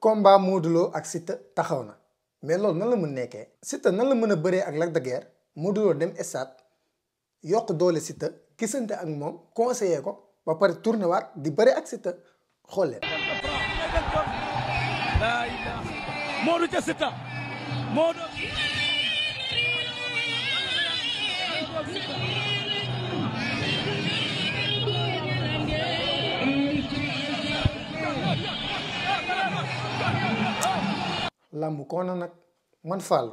combat Modou Lo ak Siteu taxaw na mais loolu nan la mën nekkee Siteu nan la mën a bëree ak Lac de Guiers dem stade yokk doole Siteu gisante ak moom conseiller ko ba pare tourné waat di bëri ak Siteu xool làmb koona nag man fàll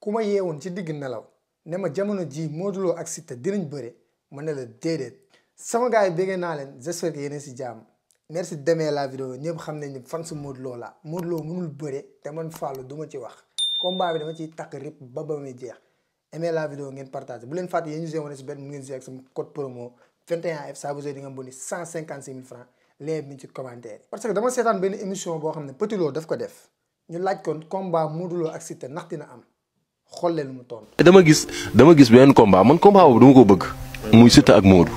ku ma yeewoon ci digg nelaw ne ma jamono ji Modou Lo ak Siteu dinañ bëre ma ne la déedéet sama gars yi béggee naa leen j'espère que yéen si jàmm merci demee la vidéo ñëpp xam nañ ne fan su Modou la Modou mënul bëre te man fàllu du ci wax combat bi dama ciy takk rip ba ba muy jeex aimez la vidéo ngeen partagé bu leen fàtte yéen ñu sewoon si benn mu ngeen commentaire parce que dama seetaan benn émission boo xam ne Petit Lo daf ko def ñu laaj kon combat Modou Lo ak Siteu ndax dina am xool leen mu tontu. dama gis dama gis benn combat man combat boobu dama ko bëgg. muy Siteu ak Modou.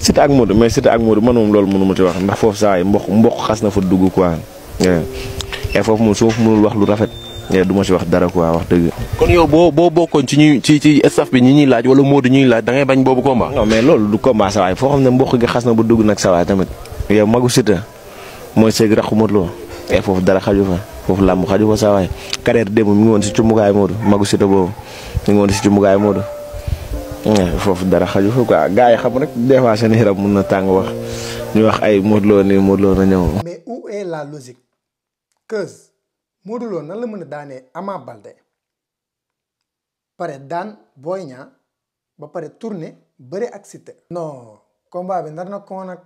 Siteu ak Modou mais Siteu ak Modou man moom loolu mënu ma ci wax ndax foofu saa mboq mboq xas na fa dugg quoi. et foofu moom su wax lu rafet. du ma si wax dara ko wax dëgg. kon yow boo boo bokkoon ci ñuy ci ci staff bi ñi ñuy laaj wala Modou ñuy laaj da bañ boobu combat. non mais loolu du combat sa foo xam ne mboq gi xas na ba dugg nag sa tamit. yow magu Siteu mooy seeg raqu Modou Lo et foofu dara xaju fa foofu làmb xaju fa saa waay carrière démb mi ngi woon si cumbukaay Modou magu Siteu boobu mi ngi woon si cumbukaay Modou eh, foofu dara xaju fa quoi gars yi xam rek des fois seen yaram mun na tàng wax ñu wax ay Modou Lo nii Modou na ñëw. mais où e la logique que Modou nan la mën a daanee Ama Baldé pare daan Boy Niang ba pare tourné bëre ak Siteu. non combat bi nar na ko nag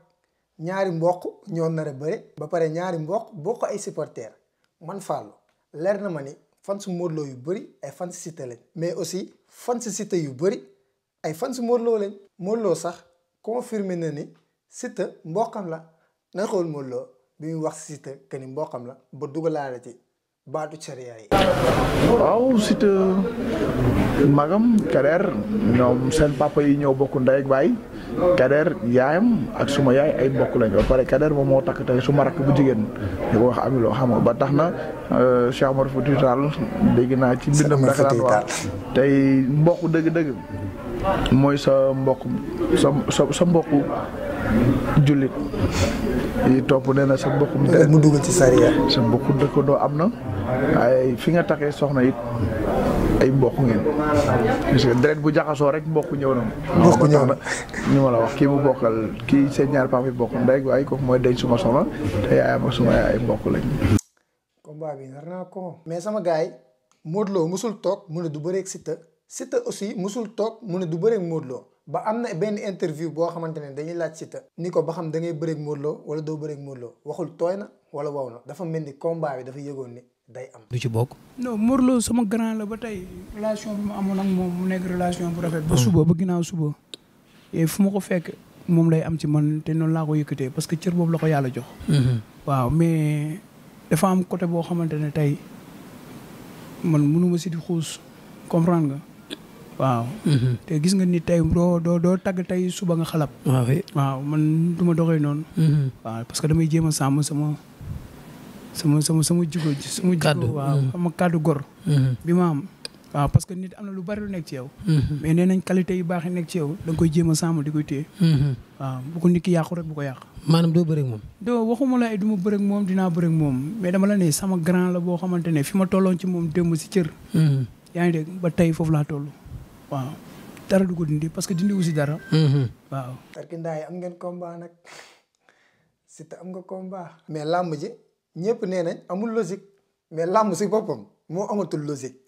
ñaari mboq ñoo nar a ba pare ñaari mboq bokk ay supporters. man Fallou leer na ma ni fans Modou Lo yu bëri ay fans Siteu lañ mais aussi fan fans Siteu yu bëri ay fan Modou Lo leen Modou sax confirmé na ni Siteu mboqam la na xool Modou bi muy wax Siteu que ni mboqam la ba dugalaale ci baatu sariya yi waaw Siteu magam kader ñom seen papa yi ñoo bokku nday ak bay kader yaayam ak suma yaay ay bokku lañu ba pare kader mo mo tak tay suma rakk bu jigen ñu wax wax lo xam ba taxna na euh, Cheikh Omar Fouti Tall dégg naa ci bindam daka daan tay mbokk deug deug moy sa mbokk sa sa mbokk julit yi top neena sa mbokk mu dugal ci sariya sa do na ay fi nga taxé soxna it ay mbokk ngeen. parce que deret bu jaxasoo rek mbokk ñëw na. mbokk ñëw na ñu ma la wax kii mu bokkal kii seen ñaar paam yi bokk ndey ak mooy denc suma soxna te yaayam ay mbokk lañ. combat bi nar naa ko. mais sama gars yi Modou Lo toog mu ne du bëreeg Siteu Siteu aussi musul toog mu ne du bëreek Modou ba am na benn interview boo xamante ne dañuy laaj Siteu ni ko ba xam da ngay bëreeg Modou wala doo bëreeg Modou waxul tooy na wala wow na dafa mel ni combat bi dafa yëgoon ni day am du ci bokk. non Morlo sama grand la ba tey relation bi ma amoon ak moom mu nekk relation bu rafet. ba hmm. suba ba ginnaaw suba. et fu ma ko fekk moom lay am ci man te noon laa ko yëkkatee parce que cër boobu la ko yàlla jox. Hmm. waaw mais dafa am côté boo xamante ne tey man mënuma si di xuus comprendre nga. waaw. Hmm. te gis nga ni tey doo tagg tey suba nga xalab. waaw man du doxee noonu. waaw parce que damay jéem a sama. sama sama sama jikko sama jikko waaw mm-hmm. sama kàddu gor mm-hmm. bi ma am waaw parce que nit am na lu bari lu nekk ci yow mm-hmm. mais nee nañ qualité yu baax yi nekk ci yow da nga koy jéem a sàmm di koy téye waaw bu ko nit yàqu rek bu ko yàq maanaam doo bëreeg moom doo waxuma la ay du ma bëreeg moom dinaa bëreeg moom mais dama la ne sama grand la boo xamante ne fi ma tolloon ci moom si cër yaa ngi dégg ba tey foofu laa toll waaw dara du ko dindi parce que dindi wu si dara waaw tarki ndaa am ngeen combat nag si te am nga combat mais làmb ji ñëpp nee nañ amul logique mais làmb si boppam moo amatul logique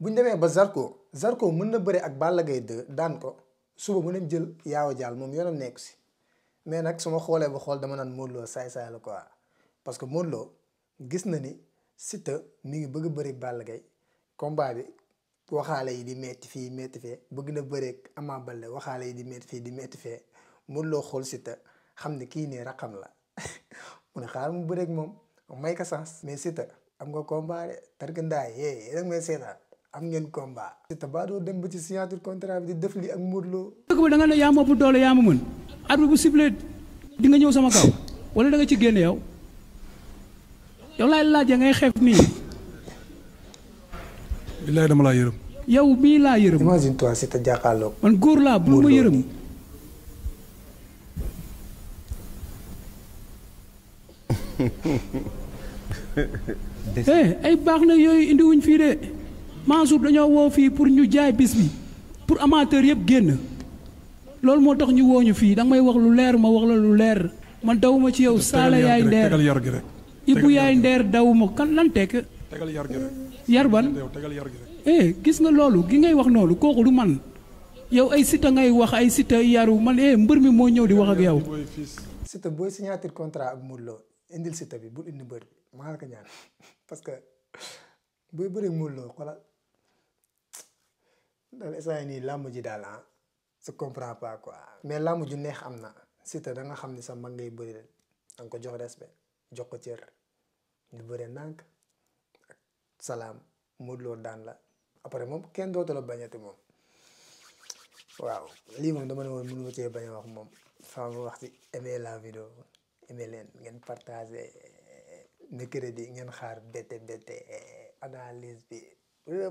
bu ñu demee ba sarko sarko mën na bëre ak Balla Gaye 2 daan ko suba mu dem jël yaaw jaal moom yoonam nekku si mais nag su ma xoolee ba xool dama naan Modou Lo saay-saay la quoi parce que Modou gis na ni Siteu mi ngi bëgg a bëri Balla Gaye combat bi waxaale yi di metti fii metti fee bëgg na bëreeg Ama Baldé waxaale yi di metti fii di metti fee Modou Lo xool Siteu xam ne kii nii raqam la mu mu bëreeg moom. mai ka sans me sita am nga combat de tarkindaay ye da me sita am ngeen combat Siteu baa doo dem ba ci signature contrat bi di def li ak mourlo Lo ba da nga ne yaa ma ëpp doole yaa ma mën arbitre bu sifflé di nga ñew sama kaw wala da nga ci genn yow yow laay laaj ya ngay xef ni billahi dama la yeureum yow mi la yeureum imagine toi ta jaxalo man gor la bu ma yërëm eh ay baax na yooyu indi wuñ fi de Mansour dañu wo fi pour ñu jaay bis bi pour amateur yëpp génn lool mo tax ñu woo ñu fii da may wax lu leer ma wax la lu leer man dawuma ci yow sala yaay ndeer tegal yar gi rek ibu yaay ndeer dawuma kan lan tekk tegal yar gi rek yar ban tegal yar gi rek eh gis nga loolu gi ngay wax noonu koku du man yow ay sita ngay wax ay sita yaru man eh mbeur mi mo ñew di wax ak yow sita boy signature contrat ak Modou indil si tabi bul indi mbeur bi ma la ko ñaan parce que buy bëri mullo la dal essay ni lamb ji dal hein ah, se comprend pas quoi mais lamb ju neex amna si ta da nga xamni sa mag ngay bëri dang ko jox respect jox ko nank salam salam mulu dan la après mom kenn dootu la bañati mom waaw lii moom dama ne woon mënu ma cee bañ a wax fa wax ci aimer aimé leen ngeen partagé euh, mercredi ngeen xaar bette bette euh, analyse bi.